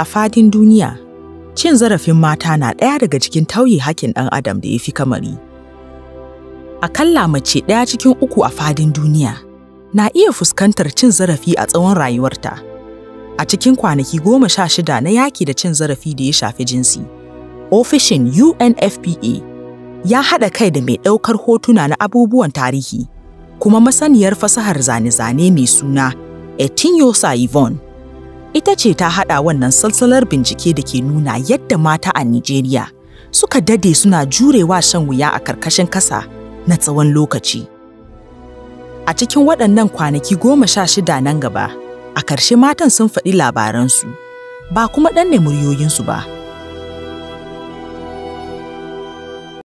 A fadin duniya, cin zarafin mata na ɗaya daga cikin tauye hakkin ɗan adam da ya fi kamari. Akalla mace ɗaya cikin uku a fadin duniya na iya fuskantar cin zarafi a tsawon rayuwarta. A cikin kwanaki goma sha shida na yaki da cin zarafi da ya shafi jinsi, ofishin UNFPA ya haɗa kai da mai ɗaukar hotuna na abubuwan tarihi, kuma masaniyar fasahar zane-zane mai suna Etienne Yvonne ita ce ta haɗa wannan salsalar bincike da ke nuna yadda mata a Nijeriya suka dade suna jurewa shan wuya a karkashin ƙasa na tsawon lokaci. A cikin waɗannan kwanaki goma sha shida nan gaba, a ƙarshe matan sun faɗi labaransu, ba kuma ɗan ne muryoyinsu ba.